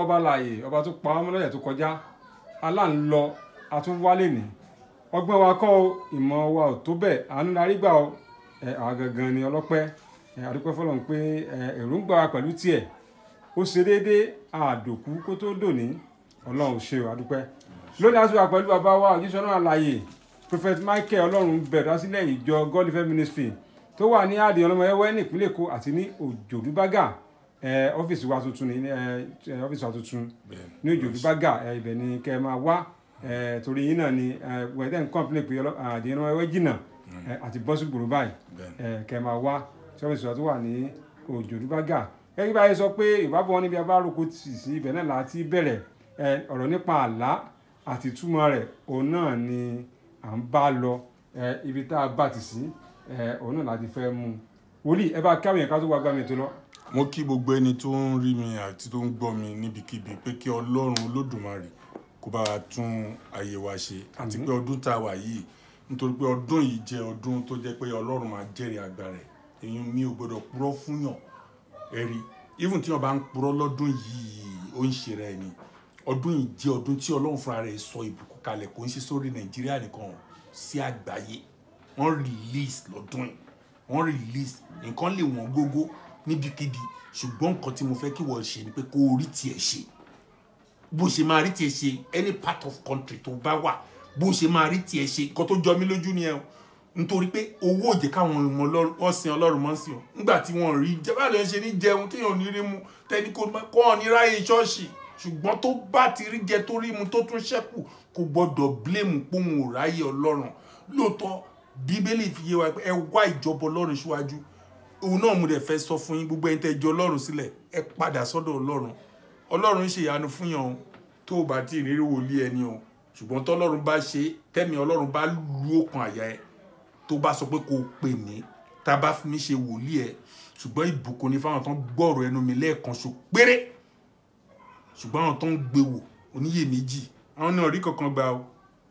ọlọ́run ọba láàyè ọba tó pa ọmọ lọ́yẹ̀ tó kọjá aláǹlọ atúnwálé ní ọgbọ́n wa kọ́ o ìmọ̀ wa ò tó bẹ́ẹ̀ àánú la rí gbà o àwa gangan ni ọlọ́pẹ́ àdúpẹ́ fọlọ́run pé èròǹgbà wa pẹ̀lú tiẹ̀ ó ṣe déédéé àdòkú kó tó dòní ọlọ́run ṣe o àdúpẹ́ lónìí àti wà pẹ̀lú bàbá wa òjíṣẹ́ náà láàyè prophet michael ọlọ́run bẹ̀rẹ̀ sílẹ̀ ìjọ godlife ministry tó wà ní àdìyàn ọlọ́mọ ẹwẹ́ nípínlẹ̀ èkó àti ní òjòdúbágà ọ́fíìsì wa tuntun ni ọ́fíìsì wa tuntun ní òjò bíbágà ibẹ̀ ni kẹ́ ẹ máa wá torí yín náà ni wẹ̀dẹ̀ ń kọ́ńpìlẹ̀ pé àdéhùn ẹwẹ́ jìnnà àti bọ́sù gbòòrò báyìí kẹ́ ẹ máa wá tí ọ́fíìsì wa tó wà ní òjò bíbágà gẹ́gẹ́ báyìí sọ pé ìbábọ̀ níbi abáròkó tì sí ibẹ̀ náà láti bẹ̀rẹ̀ ọ̀rọ̀ nípa àlá àti túmọ̀ rẹ̀ òun náà ni à ń bá lọ ibi tá a bá tì sí òun náà láti fẹ́ mú wòlíì ẹ bá káwé yẹn ká tó wá gbàmì lọ mo kí gbogbo ẹni tó ń rí mi àti tó ń gbọ́ mi níbikíbi pé kí ọlọ́run olódùmarè kó bá wa tún ayé wa ṣe àti pé ọdún tá a wà yìí nítorí pé ọdún yìí jẹ́ ọdún tó jẹ́ pé ọlọ́run máa jẹ́rìí àgbà rẹ̀ èyí mi ò gbọ́dọ̀ purọ́ fúnyàn ẹ̀rí even tí wọ́n bá ń purọ́ lọ́dún yìí ó ń ṣe rẹ̀ ni ọdún yìí jẹ́ ọdún tí ọlọ́run fúnra rẹ̀ sọ ìbùkún kalẹ̀ kò ń ṣe sórí nàìjíríà nìkan sí àgbáyé wọ́n release lọ́dún yìí wọ́n release nǹkan lè wọ́n gógó níbikíbi ṣùgbọ́n nǹkan tí mo fẹ́ kí wọ́n ṣe ni pé kó o rí tiẹ̀ ṣe bó ṣe máa rí tiẹ̀ ṣe any part of country tó bá wà bó ṣe máa rí tiẹ̀ ṣe nǹkan tó jọ mí lójú ni ẹ o nítorí pé owó òjè káwọn ọ̀sìn ọlọ́run mọ́ sí ọ nígbà tí wọ́n rí jẹ́bá lè ṣe ní jẹun téèyàn ní rí mu tẹ́ni kò kọ́ ọ ní ráyè ṣọ́ọ̀ṣì ṣùgbọ́n tó bá ti rí jẹ tó rí mu tó tún ṣẹ́kù kò gbọ́dọ̀ blame póhùn ò ráyè ọlọ́run lóòótọ́ bíbélì fi yé wa pé ẹ wá ìjọba ọlọ́run síwájú òun náà mo dẹ̀ fẹ́ sọ fún yín gbogbo ẹni tẹ́ jọ ọlọ́run sílẹ̀ ẹ padà sọ́dọ̀ ọlọ́run ọlọ́run ń ṣe ìyanu fún yàn o tó o bá ti ìrírí wòlíì ẹni o ṣùgbọ́n tọ́lọ́run bá ṣe tẹ́mi ọlọ́run bá lu ọkàn àyà ẹ tó bá sọ pé kò pè mí tá a bá fi mí ṣe wòlíì ẹ ṣùgbọ́n ìbùkún ni fáwọn tó ń gbọ́rọ̀ ẹnu mi lẹ́ẹ̀kan ṣo péré ṣùgbọ́n àwọn tó ń gbé wò oníyè méjì àwọn ni rí kankan gbà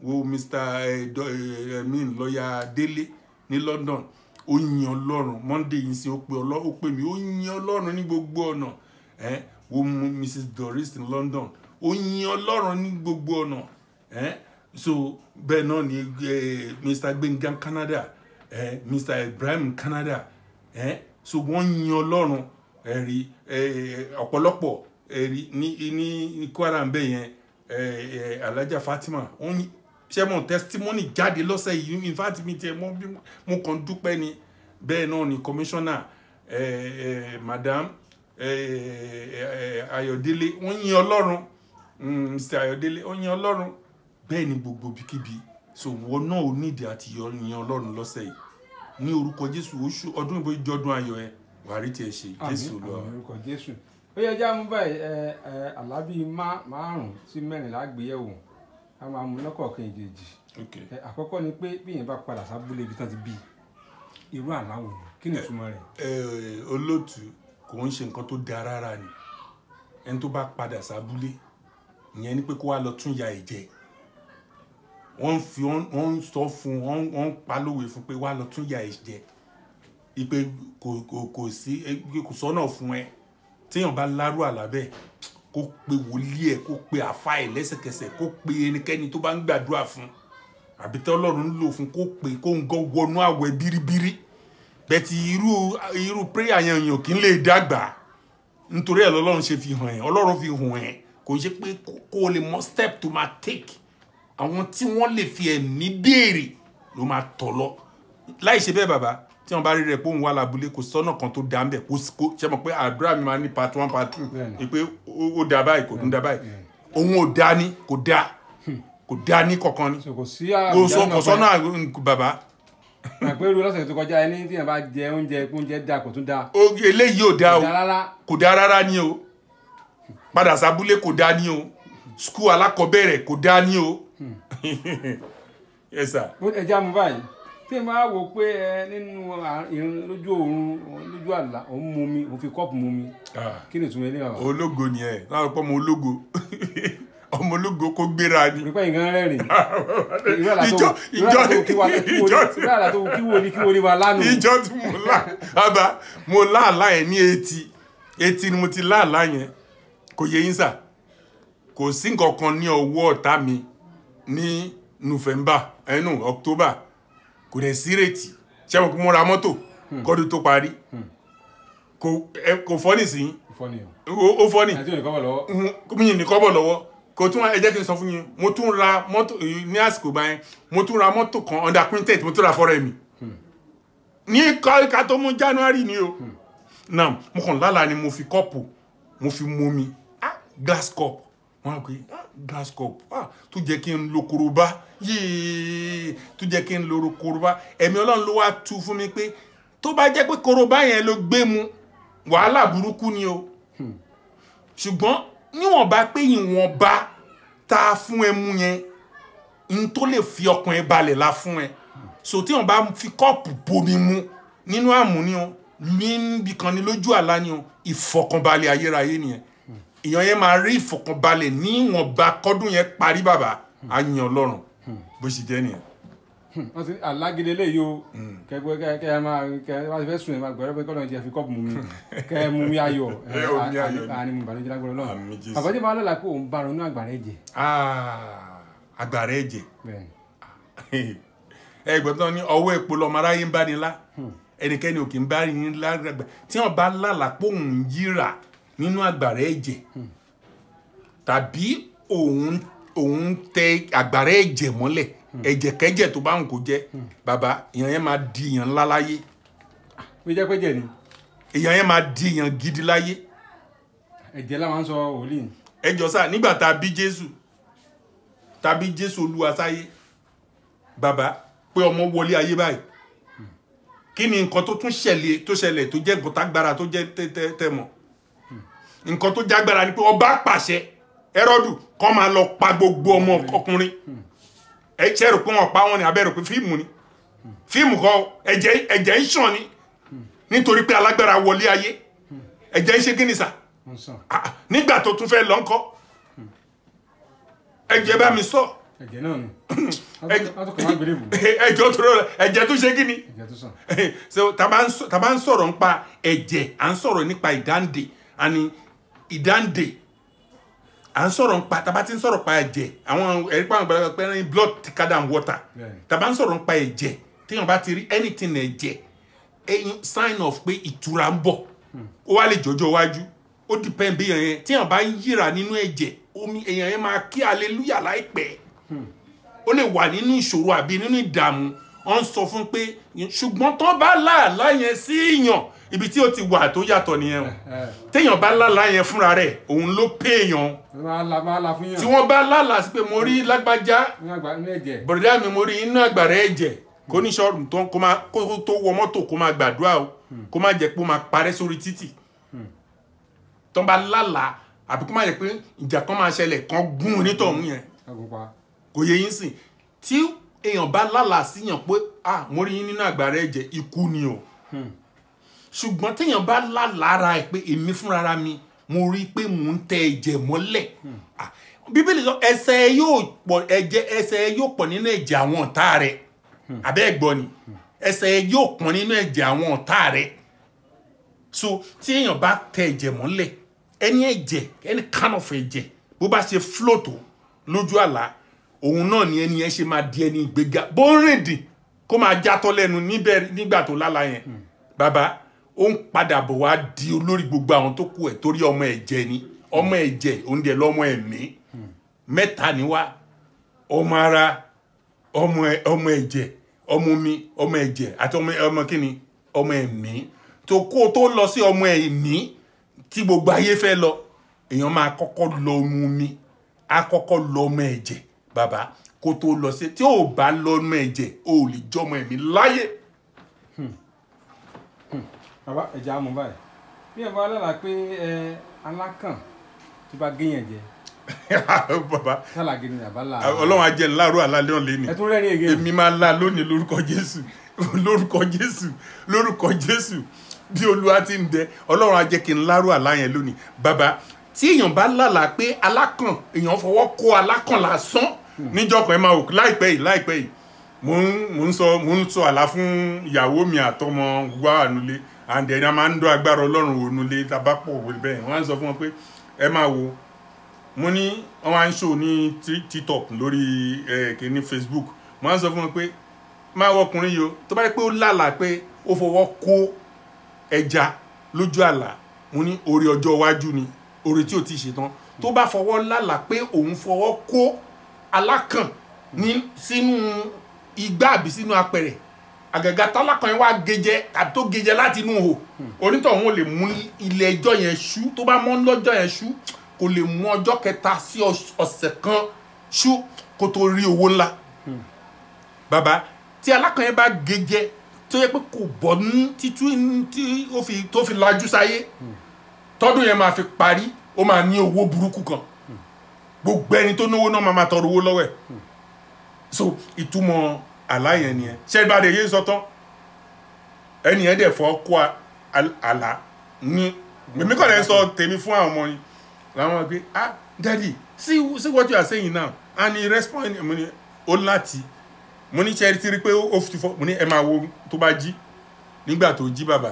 wo Mr. Eh, eh, lọ́ọ̀yà Délé ní London ó yin ọlọ́run monday yìí ń ṣe ó pe ọlọ́run ó pe mi ó yin ọlọ́run ní gbogbo ọ̀nà ẹ wo mrs doris in london ó yin ọlọ́run ní gbogbo ọ̀nà ẹ so bẹ́ẹ̀ náà ni mr gbẹ̀ngàn canada ẹ mr ibrahim canada ẹ so wọ́n yin ọlọ́run ẹ̀rí ọ̀pọ̀lọpọ̀ ẹ̀rí ní ní kwara ń bẹ̀ yẹn alájà fatima wọ́n yin ṣé mo testimony jáde lọ́sẹ̀ yìí in fact mi tiẹ̀ mo kàn dúpẹ́ ni bẹ́ẹ̀ náà ni commissioner eh, eh, madam Ayọ̀délé wọ́n yin Ọlọ́run mm, Mr Ayọ̀délé wọ́n yin Ọlọ́run bẹ́ẹ̀ ni gbogbo bíkíbi so wọn náà ò nídìí àti yin Ọlọ́run lọ́sẹ̀ yìí ní orúkọ Jésù oṣù ọdún ìbò ìjọdún ayọ̀ ẹ wàá rí tiẹ̀ ṣe Jésù lọ. àmín orúkọ Jésù ó yẹ jẹ́ àmúbáyé ẹ̀ ẹ̀ alábí márùn-ún sí mẹ́rìnlá gbéyẹ̀wò a máa mú lọ́kọ̀ọ̀kan èjèèjì àkọ́kọ́ ni pé bí èèyàn bá padà sábúlé ibi tán ti bí irú àláwọ̀ kí ni ìtumọ̀ rẹ̀. olóòtú kò ń ṣe nǹkan tó dáa rárá ni ẹni tó bá padà sábúlé ìyẹn ni pé kó wá lọ tún ya ìjẹ wọ́n fi wọ́n ń sọ fún wọ́n ń palówe fún pé wá lọ tún ya ìjẹ ipe kò kò kò sí kò sọ́nà fún ẹ téèyàn bá lárú àlá kó pe wòlíì ẹ̀ kó pe àfa ẹ̀ lẹ́sẹ̀kẹsẹ̀ kó pe ẹnikẹ́ni tó bá ń gbàdúrà fún àbí tí ọlọ́run ń lò fún kó pe kó ń gọ́ wọnú àwẹ̀ bíríbírí bẹ́ẹ̀tì irú irú prayer yẹn yàn kí n lè dàgbà nítorí ẹ̀ lọ́lọ́run ṣe fi hàn ẹ́ ọlọ́run fi hàn ẹ́ kò ṣe pé kó lè mọ step tó máa take àwọn tí wọ́n lè fi ẹ̀mí béèrè ló máa tọ̀ lọ láì ṣe bẹ́ẹ̀ bàbá tí wọn bá rí rẹ pé òun wà lábúlé kò sọ́nà kan tó dá ń bẹ̀ kò ṣe mọ̀ pé àdúrà mi máa ní part one part two pé ó dá báyìí kò tún dá báyìí òun ò dá ní kò dá hmm. kò dá ní kankan ní kò sọ́nà bàbá àpérò lọ́sẹ̀ tó kọjá ẹni tí yẹn bá jẹ oúnjẹ oúnjẹ da kò tún da. oge eléyìí ò da o kò da rárá ni o padà sábúlé kò da ni o skul alákọ̀ọ́bẹ̀rẹ̀ kò da ni o. Hmm. ẹ jẹ́ àmú báyìí tí n bá wò pé ẹ nínú ìrìn lójú òun lójú àlá òun mú mi òun fi kọ́ọ̀pù mú mi kí ni ìtumọ̀ eléyàwó. ológo ni ẹ láwọn pọ́ ọmọ ológo ọmọ ológo kó gbéra ni. pípẹ́ ìgbọ́n rẹ́rìn ìjọ ìjọ ìjọ ìjọ kí wo ni kí wo ni wà lánàá. ìjọ tí mo lá àbá mo lá àlá yẹn ní etí etí ni mo ti lá àlá yẹn kò yẹ yín sà kò sí nǹkan kan ní ọwọ́ ọ̀tá mi ní nùfẹ̀mbà ẹnu kò dẹ̀ sí rètí ṣé mo kún mo ra mọ́tò hmm. kọ́dún tó parí hmm. kò fọ́ nísìnyí ó fọ́ ní hmm. mi yìí ní kọ́bọ̀ lọ́wọ́ kò tún ẹ jẹ́ kí n sọ fún yín mo tún ra mọ́tò eh, ní àsìkò báyẹn mo tún ra mọ́tò kan under quintet mo tún ra fọ́rẹ́ mi ní ká tó mú January ni o náà mo kàn lálàá ni mo fi kọ́ọ̀pù mo fi mú mi ah, glass cup wọ́n á pè ah, glass cup ah, tó jẹ́ kí n lo korobá yéé tó jẹ́ kí n lo korobá ẹ̀mí ọlọ́run ló wá tu fún mi pé tó bá jẹ́ pé korobá yẹn ló gbé mu wàhálà burúkú ni o hmm. ṣùgbọ́n níwọ̀nba pé ìwọ̀nba tá a fún ẹ mú yẹn n tó lè fi ọkàn ẹ balẹ̀ la fún ẹ so tí wọn bá fi kọ́ọ̀pù bomi mu nínú àmúni o níbi kan ni lójú àlá ni o ìfọkànbalẹ̀ ayérayé nìyẹn èèyàn yẹn máa rí ìfọ̀kànbalẹ̀ níwọ̀nba kọ́dún yẹn parí bàbá á yan ọlọ́run bó ṣe jẹ́ nìyẹn. wọ́n ti alágídé léyìí o kẹgbẹ́ hmm. kẹ ẹ máa kẹ ẹ máa fẹ́ sùn ẹ máa gbọ́dọ̀ pé kọ́dọ̀ jẹ́ fi kọ́ọ̀bù mu mi kẹ ẹ mu mi ayọ̀ ẹ àní mu ìbànújẹ́ lágbọ́dọ̀ lọ́wọ́ àbájẹ́ máa lọ́la pé òun bá ronú àgbàrá ẹ̀jẹ̀. Ah, àgbàrá ẹ̀jẹ̀ ẹgbẹ́ tó ní ọwọ́ epo lọ́mọ aráyé ń bá ni lá hmm. ẹnikẹ́ni ò kì í bá yín lágbàgbà tí wọ́n bá lálàpọ̀ òun yíra nínú àgbàrá ẹ̀jẹ̀ tàbí òun òun tẹ àgbàrá ẹ̀jẹ̀ mọ́lẹ̀ ẹ̀jẹ̀ kẹ́jẹ̀ tó bá ń kó jẹ́ bàbá èèyàn yẹn máa di èèyàn ńlá láyé. mi jẹ́ pé jẹ̀ ni. èèyàn yẹn máa di èèyàn gidi láyé. ẹ̀jẹ̀ làwọn sọ wòlíì. ẹ jọ sáà nígbà tá a bí jésù tá a bí jésù olúwa sáyé bàbá pé ọmọ wọlé ayé báyìí kí ni nǹkan tó tún ṣẹlẹ̀ tó ṣẹlẹ̀ tó jẹ́ nǹkan tágbára tó jẹ́ tẹ́tẹ́ tẹ́ mọ́ nǹkan tó jágbára ni pé ọba pàṣẹ ẹrọdù kọ́ máa lọ pa gbogbo ọmọ hmm. ọkùnrin hmm. ẹ ṣe rò pé wọn pa wọn ni abẹ́ rò pé fíìmù ni hmm. fíìmù kọ ẹ̀jẹ̀ ẹ̀jẹ̀ ń sàn ni nítorí pé alágbára wọlé ayé ẹ̀jẹ̀ ń ṣe kí ni sà nígbà tó tún fẹ́ lọ ńkọ́ ẹ̀jẹ̀ bá mi sọ. ẹ̀jẹ̀ náà ni tó rọrọ ẹ̀jẹ̀ tó ṣe kí ni so tá a bá ń sọ̀rọ̀ nípa ẹ̀jẹ̀ à ń sọ̀rọ̀ nípa ìdáǹdè àni ìdáǹdè à ń sọ̀rọ̀ nípa tàbá ti ń sọ̀rọ̀ pa ẹ̀jẹ̀ àwọn ẹ̀rí pa àwọn àgbàlagbà pé blood thicker than water tàbá ń sọ̀rọ̀ nípa ẹ̀jẹ̀ téèyàn bá ti rí anything ẹ̀jẹ̀ sign of pé ìtura ń bọ̀ ó wá lè jọjọ́ wájú ó depend bí èèyàn yẹn téèyàn bá ń yíra nínú ẹ̀jẹ̀ omi èèyàn yẹn máa kí hallelujah láìpẹ́ hmm. ó lè wà nínú ìṣòro àbí nínú ìdààmú wọ́n sọ fún pé ṣùgbọ́n tó bá láàlá yẹn sí èèyàn ibi tí ó ti wà tó yàtọ̀ nìyẹn o téèyàn bá lálàá yẹn fúnra rẹ̀ òun ló péèyàn tí wọ́n bá lálàá sí pé mo rí lágbájá bọ̀dá mi mo rí inú àgbàrá ẹ̀jẹ̀ kó ní sọ́ọ̀rù tó wọ mọ́tò kó máa gbàdúrà o hmm. kó má jẹ́ pé ó máa parẹ́ sórí títì hmm. tó bá lálàá àbí kó má jẹ́ pé ìjà kan máa ṣẹlẹ̀ kan gún onítọ̀hún yẹn kò yẹ yín sìn tí èèyàn bá lálàá síyàn pé ah mo rí yín nínú àgbàrá ẹ̀jẹ̀ ikú ni o. Hmm ṣùgbọ́n téèyàn bá lálára ẹ̀ pé èmi fúnra mi mo rí i pé mò ń tẹ ẹ̀jẹ̀ mọ́lẹ̀ hmm. ah, bíbélì sọ ẹsẹ̀ yóò pọ̀ ẹ̀jẹ̀ ẹsẹ̀ yóò pọ̀ nínú ẹ̀jẹ̀ àwọn ọ̀tá rẹ̀ hmm. abẹ́ ẹ̀gbọ́n ni hmm. ẹsẹ̀ yóò pọ̀ nínú ẹ̀jẹ̀ àwọn ọ̀tá rẹ̀ so tí èèyàn bá tẹ ẹ̀jẹ̀ mọ́lẹ̀ ẹni ẹ̀jẹ̀ ẹni kind of ẹ̀jẹ̀ bó bá ṣe float lójú àlá òun náà ni ẹni yẹn ṣe máa di ẹni ìgbéga bó ń rìndìn kó máa jatọ́ lẹ́nu nígbà tó lálàá ó ń padà bọ̀ wá di olórí gbogbo àwọn tó kù ẹ̀ torí ọmọ ẹ̀jẹ̀ ni ọmọ ẹ̀jẹ̀ òun lọ́mọ ẹ̀mí mẹ́ta ni wá ọmọ ara ọmọ ẹ̀jẹ̀ ọmọ omi ọmọ ẹ̀jẹ̀ àti ọmọ kíni ọmọ ẹ̀mí tó kó tó lọ sí ọmọ ẹ̀mí tí gbogbo ayé fẹ́ lọ èèyàn máa kọ́kọ́ lọ ọmọ omi á kọ́kọ́ lọ ọmọ ẹ̀jẹ̀ bàbá kó tó lọ sí tí ò bá lọ ọmọ ẹ̀jẹ̀ ò lè jọmọ ẹ̀mí láyé bàbá ẹ̀jẹ̀ àmú báyìí bí ẹ̀ bá lára pé ẹ alákàn tó bá géèyàn jẹ bàbá sálàgé ni bàbá là. ọlọ́run ajẹ́ láàárọ̀ alálẹ́ ọ̀lẹ́ ni èmi máa la lónìí lórúkọ jésù lórúkọ jésù lórúkọ jésù bí olúwa ti ń dẹ ọlọ́run ajẹ́ kí n láàárọ̀ àlá yẹn lónìí bàbá tí èèyàn bá lálàá pé alákàn èèyàn fọwọ́ kó alákàn lásán hmm. níjọkàn ẹ máa wò láìpẹ́ yìí láìpẹ́ yìí mò ń sọ àlá fún ìyàwó mi àtọmọ wa ànulẹ̀ and then a máa ń dọ́ agbára ọlọ́run wò nulẹ̀ tabapọ̀ wò bẹ́ẹ̀ wọ́n á sọ fún wọn pé ẹ máa wo mo ní wọ́n á ń show ní tiktok lórí kìíní facebook wọ́n á sọ fún wọn pé máa wọ ọkùnrin yìí o tó bá yẹ pé ó lálà pé ó fọwọ́ kó ẹja lójú àlà mo ní orí ọjọ́ iwájú ni orí tí ò ti ṣetán tó bá fọwọ́ lálà pé òun fọwọ́ kó alákàn ní sínú igbá àbí sínú apẹ̀rẹ̀ àgàgà tálákà yẹn wá gejẹ tàbí tó gejẹ láti inú o onítọ̀hún ò lè mú ilẹ̀ ẹjọ́ yẹn ṣú tó bá mọ́ lọ́jọ́ yẹn ṣú kò lè mú ọjọ́ kẹta sí ọ̀sẹ̀ kan ṣú kó tó rí owó ńlá bàbá tí alákàn yẹn bá gejẹ tó yẹ pé kò bọ́ ní títú tí tó fi lajú sáyé tọ́dún yẹn máa fi parí ó máa ní owó burúkú kan gbogbo ẹni tó náwó náà máa tọrọ owó lọ́wọ́ ẹ̀ so ìtumọ̀ àláyẹn nìyẹn ṣé ìbáde yé sọtọ ẹni yẹn dẹ̀ fọ́ kó àlá ní mímí kọ́ lẹ́ sọ tèmi fún àwọn ọmọ yìí làwọn gbé ah daddy see see what you are saying now and he respond mo ní ó láti mo ní ṣẹ́ẹ́rì tí rí pé ó fi fọ́ mo ní ẹ máa wo tó bá jí nígbà tó jí bàbá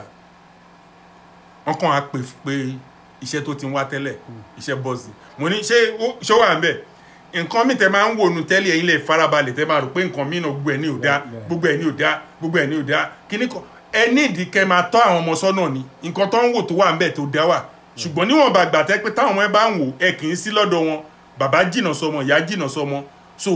wọn kàn á pè pé iṣẹ́ tó ti ń wá tẹ́lẹ̀ iṣẹ́ bọ́ọ̀sì mo ní ṣé ó wà ń bẹ̀ nǹkan mi tẹ máa ń wònú tẹ́lẹ̀ ẹ̀yin lè farabalẹ̀ tẹ́ máa rò pé nǹkan mi náà gbogbo ẹ̀ ní ò dá gbogbo ẹ̀ ní ò dá gbogbo ẹ̀ ní ò dá kíní kan ẹ ní ìdí kẹ́ máa tọ́ àwọn ọmọ sọ́nà ni nǹkan tó ń wò tó wà ń bẹ̀ tó dá wà ṣùgbọ́n níwọ̀n bàgbà tẹ́ pé táwọn ọmọ ẹ bá ń wò ẹ kì í sí lọ́dọ̀ wọn bàbá jìnà sọmọ ìyá jìnà sọmọ so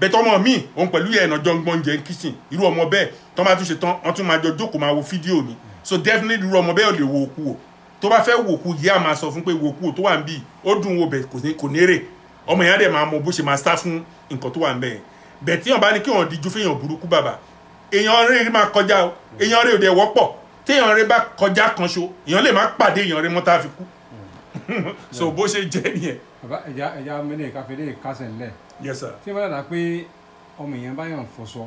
bẹtọ ọmọ mi òun pẹ̀lú yẹ ẹnà jọngbọn jẹ kitchen irú ọmọ bẹ́ẹ̀ tó máa tún ṣe tán wọn tún máa jọ jókòó máa wo fídíò ni so definitely irú ọmọ bẹ́ẹ̀ ò lè wo òkú o tó bá fẹ́ wo òkú yìí á máa sọ fún pé wo òkú o tó wà ń bì ó dùn wo bẹ kò ní èrè ọmọ yẹn á dẹ̀ máa mọ bó ṣe máa sá fún nǹkan tó wà ń bẹ̀ bẹ̀ tí yàn bá ní kí wọ́n díjú fẹ́yàn burúkú bàbá èèyàn rẹ̀ máa kọjá o èèyàn rẹ̀ ò dẹ̀ wọ́pọ̀ téèyàn rẹ̀ bá kọjá kan ṣo èèyàn lè má pàdé èèyàn rẹ̀ mọ́tà fi kú so bó ṣe jẹ́ nìyẹn. bàbá ẹja ẹja mẹlẹ káfíńdé kásẹ̀ ńlẹ̀. yes sir. ṣé wọ́n dà pé ọmọ èèyàn bá yàn fọṣọ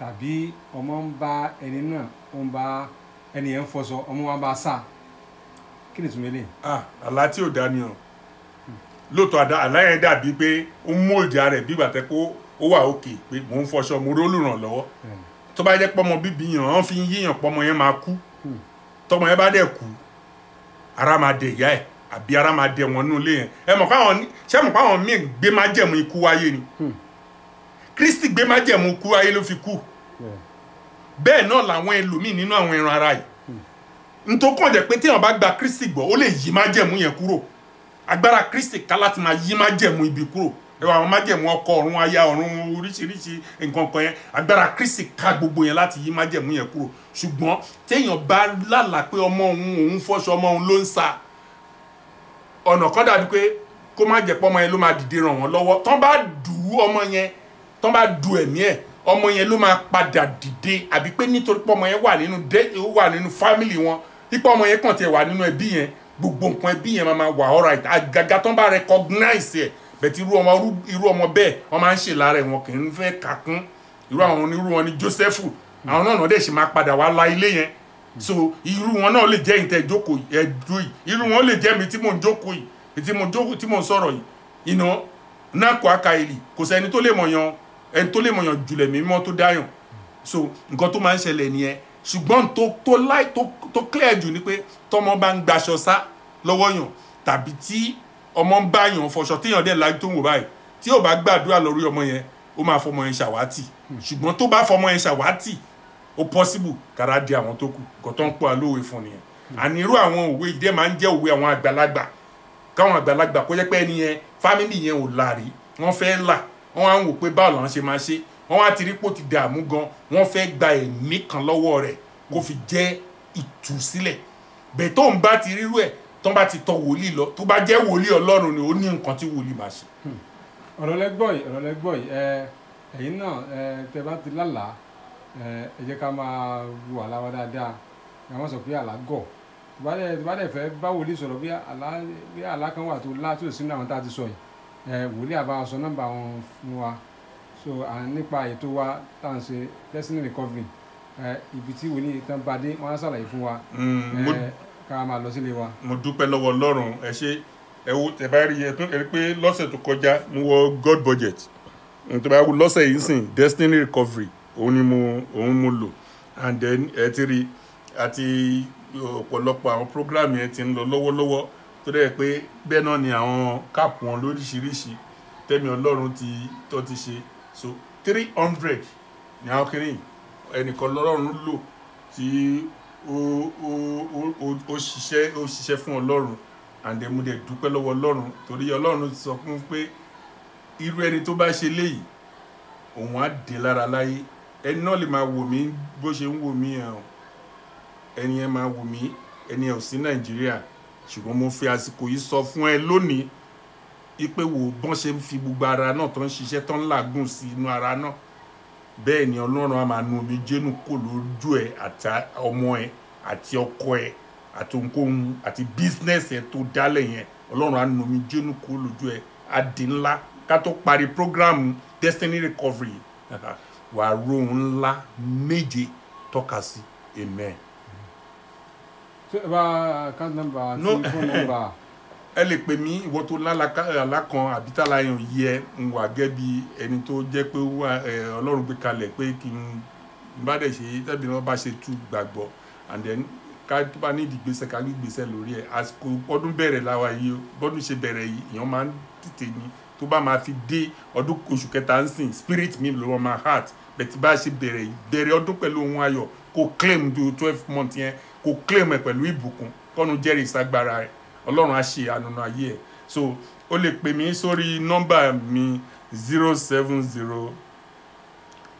tàbí ọmọ ń bá ẹni náà ó ń bá ẹni yẹn fọṣọ ọmọ wa bá sá kí ni túnmí lè. ah àlá tí ò dá ni o lóòótọ́ àláyẹn dàbí pé ó mú òjà rẹ̀ bí gbàtẹ́ pé ó wà òkè pé mò ń fọṣọ mo rí olùrànlọ́wọ́ hmm. tó bá jẹ́ pọ́mọ bíbí yàn án fi ń yíyàn pọ́mọ yẹn máa kú hmm. tọ́mọ yẹn bá dẹ̀ kú ara máa dẹ̀ ìyá ẹ̀ àbí ara máa dẹ̀ wọn nínú ilé yẹn ẹ mọ̀ káwọn ṣé mọ̀ káwọn míì gbé májẹ̀mú ikú wáyé ni hmm. Kristi gbé májẹ̀mú ikú wáyé ló fi kú bẹ́ẹ̀ náà làwọn ẹlòmíì nínú àwọn ẹran ara yìí ntòkànjẹ́ pé téèyàn bá gba Kristi gbọ́ ó lè yí májẹ̀mú yẹn kúrò agbára kristi ká láti máa yí májẹ̀mú ibi kúrò ẹwà àwọn májẹ̀mú ọkọ ọ̀run aya ọ̀run oríṣiríṣi nǹkan kan yẹn agbára kristi ká gbogbo yẹn láti yí májẹ̀mú yẹn kúrò ṣùgbọ́n téèyàn bá lálà pé ọmọ òun òun fọṣọ ọmọ òun ló ń sa ọ̀nà kan dàbí pé kó má jẹ́ pé ọmọ yẹn ló máa dìde ràn wọ́n lọ́wọ́ tán bá dù ú ọmọ yẹn tán bá dù ẹ̀mí ẹ̀ ọmọ yẹn ló máa padà dìde àbí pé nítorí pé ọmọ yẹn wà nínú family wọn ipò ọmọ yẹn kàn tiẹ̀ wà nínú ẹbí yẹn gbogbo nǹkan ẹbí yẹn máa ma wà alright àgàgà tó ń bá recognize ẹ bẹ̀tí irú ọmọ irú ọmọ bẹ́ẹ̀ wọ́n máa ń ṣe lára ẹ̀ wọn kì í fẹ́ kàkún irú àwọn onírú wọn ni Joseph àwọn náà náà dẹ̀ ṣe máa padà wá la ilé yẹn so irú wọn náà lè jẹ́ ìtẹ̀ ìjókòó ẹ̀dùn yìí irú wọn lè jẹ́ mi tí mò ń jókòó yìí tí mò ń jókòó tí mò ń sọ̀rọ̀ yìí iná náà kọ́ àkàìlì kò sẹ́ni tó lè mọ̀ yan ẹni tó lè mọ̀ yan jùlẹ̀ mímọ́ tó dáyàn so nǹkan tó máa ń ṣẹlẹ̀ nìyẹn ṣùgbọ́n tó tó láì tó tó clear jù ni pé tọmọ bá ń gbaṣọ sá lọ́wọ́ yàn tàbí tí ọmọ ń bá yàn fọṣọ téèyàn dẹ̀ láì tó ń wò báyìí tí ò bá gbàdúrà lórí ọmọ yẹn ó máa fọmọ yẹn ṣàwátì hmm. ṣùgbọ́n tó bá fọmọ yẹn ṣàwátì ó possible kára di àwọn tó kù nǹkan tó ń pọ̀ alóòwe fún nìyẹn ànírú hmm. àwọn òwe ìdẹ máa ń jẹ́ òwe àwọn àgbàlagbà káwọn àgbàlagbà kó jẹ́ pé ẹni yẹn fámìlì yẹn ò láàrí wọ́n fẹ́ là wọ́n á ń wò pé báwo làwọn ṣe máa ṣe wọ́n wá ti rí pò ti dààmú gan wọ́n fẹ́ gba ẹ̀mí kan lọ́wọ́ rẹ̀ kó fi jẹ́ ìtúsílẹ̀ bẹ́ẹ̀ tó ń bá ti rírú ẹ̀ tó ń bá ti tọ̀ wòlíì lọ tó bá jẹ́ wòlíì ọlọ́run ni ó ní nǹkan tí wòlíì máa ṣe. Hmm. ọ̀rọ̀ lẹ́gbọ́ yìí ọ̀rọ̀ lẹ́gbọ́ yìí ẹ̀yin náà tẹ bá ti lálàá ẹ jẹ́ ká máa wo àlá wa dáadáa ẹ má sọ pé àlá gọ̀ tó bá dẹ̀ fẹ́ bá wòlíì sọ̀rọ̀ bí àlá kan wà tó lá sínú àwọn tá a ti sọ yìí wòlíì àbáwọn nọ́mbà wọn fún wa so and nípa ètò wa tá à ń ṣe destiny recovery ibi tí wòlíì tán bá dé wọn á ṣàlàyé fún wa mm, ká máa lọ sílé wa. mo dúpẹ́ lọ́wọ́ ọlọ́run ẹ ṣe ẹ wo tẹ bá rí ẹ tún ẹ rí pé lọ́sẹ̀ tó kọjá mo wọ god budget tó bá wù lọ́sẹ̀ yìí sìn destiny recovery òun ni mo òun mo lò and then ẹ ti rí àti ọ̀pọ̀lọpọ̀ àwọn program yẹn ti ń lọ lọ́wọ́lọ́wọ́ tó dẹ̀ pé bẹ́ẹ̀ náà ni àwọn cap wọn lóríṣiríṣi tẹ́mi ọlọ́run ti tọ́ ti ṣe so three hundred ni àwọn kiri ẹnìkan lọ́rùn lò tí ó ó ó ó ṣiṣẹ́ ó ṣiṣẹ́ fún ọlọ́run and then mo dẹ̀ dúpẹ́ lọ́wọ́ ọlọ́run torí ọlọ́run ti sọ fún pé irú ẹni tó bá ṣe léyìí òun á dé lára láyé ẹni náà lè máa wò mí bó ṣe ń wò mí hàn ẹni yẹn máa wò mí ẹni yẹn ò sí nàìjíríà ṣùgbọ́n mo fi àsìkò yìí sọ fún ẹ lónìí ipe wo bọ́n ṣe ń fi gbogbo ara náà tó ń ṣiṣẹ́ tó ń làágùn sí inú ara náà bẹ́ẹ̀ ni ọlọ́run á máa nu omi jẹ́nu kò lójú ẹ̀ àti ọmọ ẹ̀ àti ọkọ ẹ̀ àti ohunkóhun àti bísínẹ́sì ẹ̀ tó dálẹ̀ yẹn ọlọ́run á nu omi jẹ́nu kò lójú ẹ̀ á di ńlá ká tó parí prógráàmù destiny recovery wà á ro ohun ńlá méje tọ́ka sí amen. ṣé ẹ bá account number àti phone number. ẹ lè pè mí ìwọ tó lálá kan àbí tàlàyàn yẹ ń wà gẹ́ bí ẹni tó jẹ́ pé ọlọ́run gbé kalẹ̀ pé kí n bá dẹ̀ ṣe tẹ́bí náà bá ṣe tú gbàgbọ́ and then ká tó bá ní ìdìgbésẹ̀ ká gbígbésẹ̀ lórí ẹ̀ àsìkò ọdún bẹ̀rẹ̀ láwa yìí bọ́dún ṣe bẹ̀rẹ̀ yìí èèyàn máa ń tètè ní tó bá máa fi dé ọdún oṣù kẹta ń sìn spirit mi lọ́wọ́ my heart bẹ̀tí bá ṣe bẹ̀rẹ̀ bẹ̀rẹ̀ ọdún pẹ̀lú ohun ayọ̀ kò claim do twelve months yẹn kò claim ẹ̀ pẹ̀lú ìbùkún kọ́nu jẹ́rìí ságbára ẹ̀ ọlọ́run á ṣe ànúnú ayé ẹ̀ so o lè pè mí sórí nọ́mbà mi zero seven zero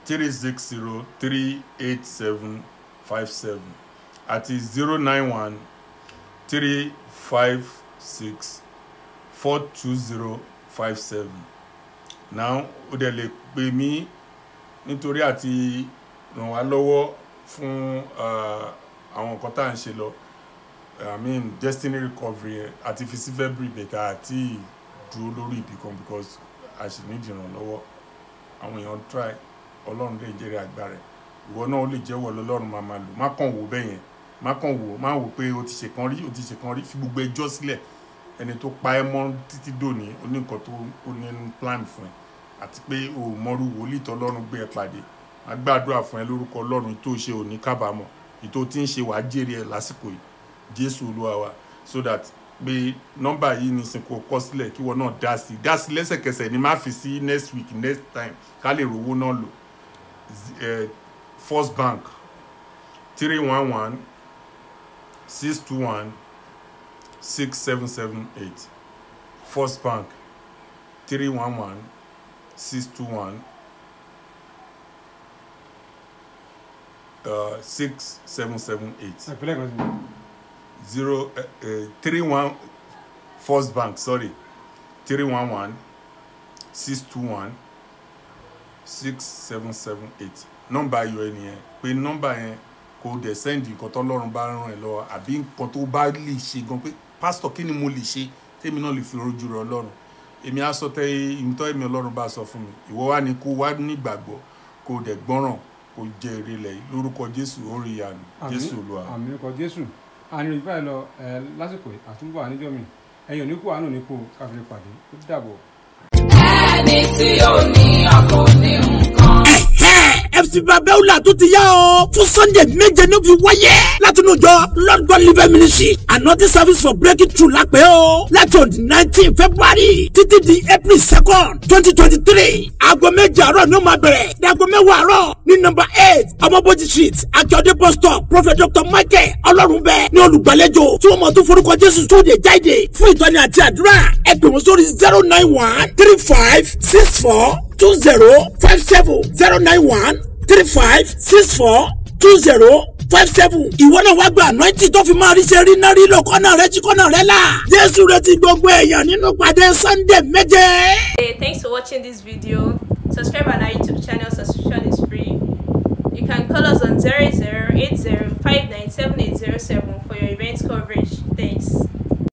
three six zero three eight seven five seven àti zero nine one three five six four two zero five seven now o dẹ̀ lè pè mí nítorí àti ràn wá lọ́wọ́ fún ah, àwọn nǹkan tá à ń ṣe lọ i mean destiny recovery àti fi sí february bẹ̀ka àti dúró lórí ibì kan because a sì ní ìdìrànlọ́wọ́ àwọn èèyàn try ọlọ́run lè jẹ́rìí agbára ẹ̀ ìwọ náà ó lè jẹ́wọ́ lọ́lọ́run máa máa lò má kàn wò bẹ́ẹ̀ yẹn má kàn wò má wò pé o ti ṣe kan rí o ti ṣe kan rí fi gbogbo ẹjọ́ sílẹ̀ ẹni tó pa ẹ́ mọ́ títí dòní ó nǹkan tó ó ní plan fún ẹ àti pé o mọ́rú wòlíì tọ́lọ́run gbé ẹ pàdé má gbàdúrà fún ẹ lórúkọ ọlọ́run tó ṣe òní kábàámọ̀ ètò tí ń ṣe wàá jèrè ẹ lásìkò yìí jésù olúwa so that pé nọ́mbà yìí ní sin kò kọ sílẹ̀ kí wọn náà dá sí dá sí lẹ́sẹ̀kẹsẹ̀ ni má fi sí next week next time ká lè rówó náà lò eh, first bank three one one six two one six seven seven eight first bank three one one six two one uh, six seven seven eight zero uh, uh, three one First Bank sorry three one one six two one six seven seven eight nọ́mbà ayọ̀ ẹ nìyẹn pé nọ́mbà yẹn kò dẹ̀ sẹ́ndì nǹkan tọ́lọ́run bá ràn ẹ́ lọ́wọ́ àbí nǹkan tó bá lè ṣe gan pé pásítọ̀ kí ni mo lè ṣe tèmi náà lè fi rojú rẹ ọlọ́run èmi á sọ tẹ́ ìtọ́ èmi ọlọ́run bá sọ fún mi ìwọ wá ní kó wá nígbàgbọ́ kó dẹ̀ gbọ́ràn kó jẹ́ ìrẹ̀lẹ̀ lórúkọ Jésù orí ìyanu Jésù Olúwa. àmín àmín kọ Jésù àárín ojú báyìí lọ lásìkò àtúbọ̀ àníjọ́ mi ẹ̀yìn òní àánú ní kú pàdé ó dàbọ̀. ẹni tí ó ní ọkọ ní nǹkan. FC Babaola tó ti yá o fún Sunday méje ní fi wáyé látinú jọ Lord God live ministry anointing service for breaking through lápẹ́ o láti on the nineteen February títí di April second twenty twenty three aago méje àárọ̀ ni ó máa bẹ̀rẹ̀ ní mẹ́wàá àárọ̀ ní number eight ọmọbojì street akíọdé bus stop prophet dr michael ọlọ́runbẹ ní olùgbàlejò tí wọ́n mọ̀ tó forúkọ jésù tó de jáde fún ìtọ́ni àti àdúrà ẹgbẹ̀rún sórí zero nine one three five six four two zero five seven zero nine one three five six four two zero five seven. ìwọ náà wá gba anointing tó fi máa rí ṣe rí náà rí lọ́kọ́nà rẹ jíkọ́nà rẹ là. jésù retí gbogbo èèyàn nínú pàdé sunday méje. hey thanks for watching this video subscribe on our youtube channel subscription is free. You can call us on 0080 for your event coverage. Thanks.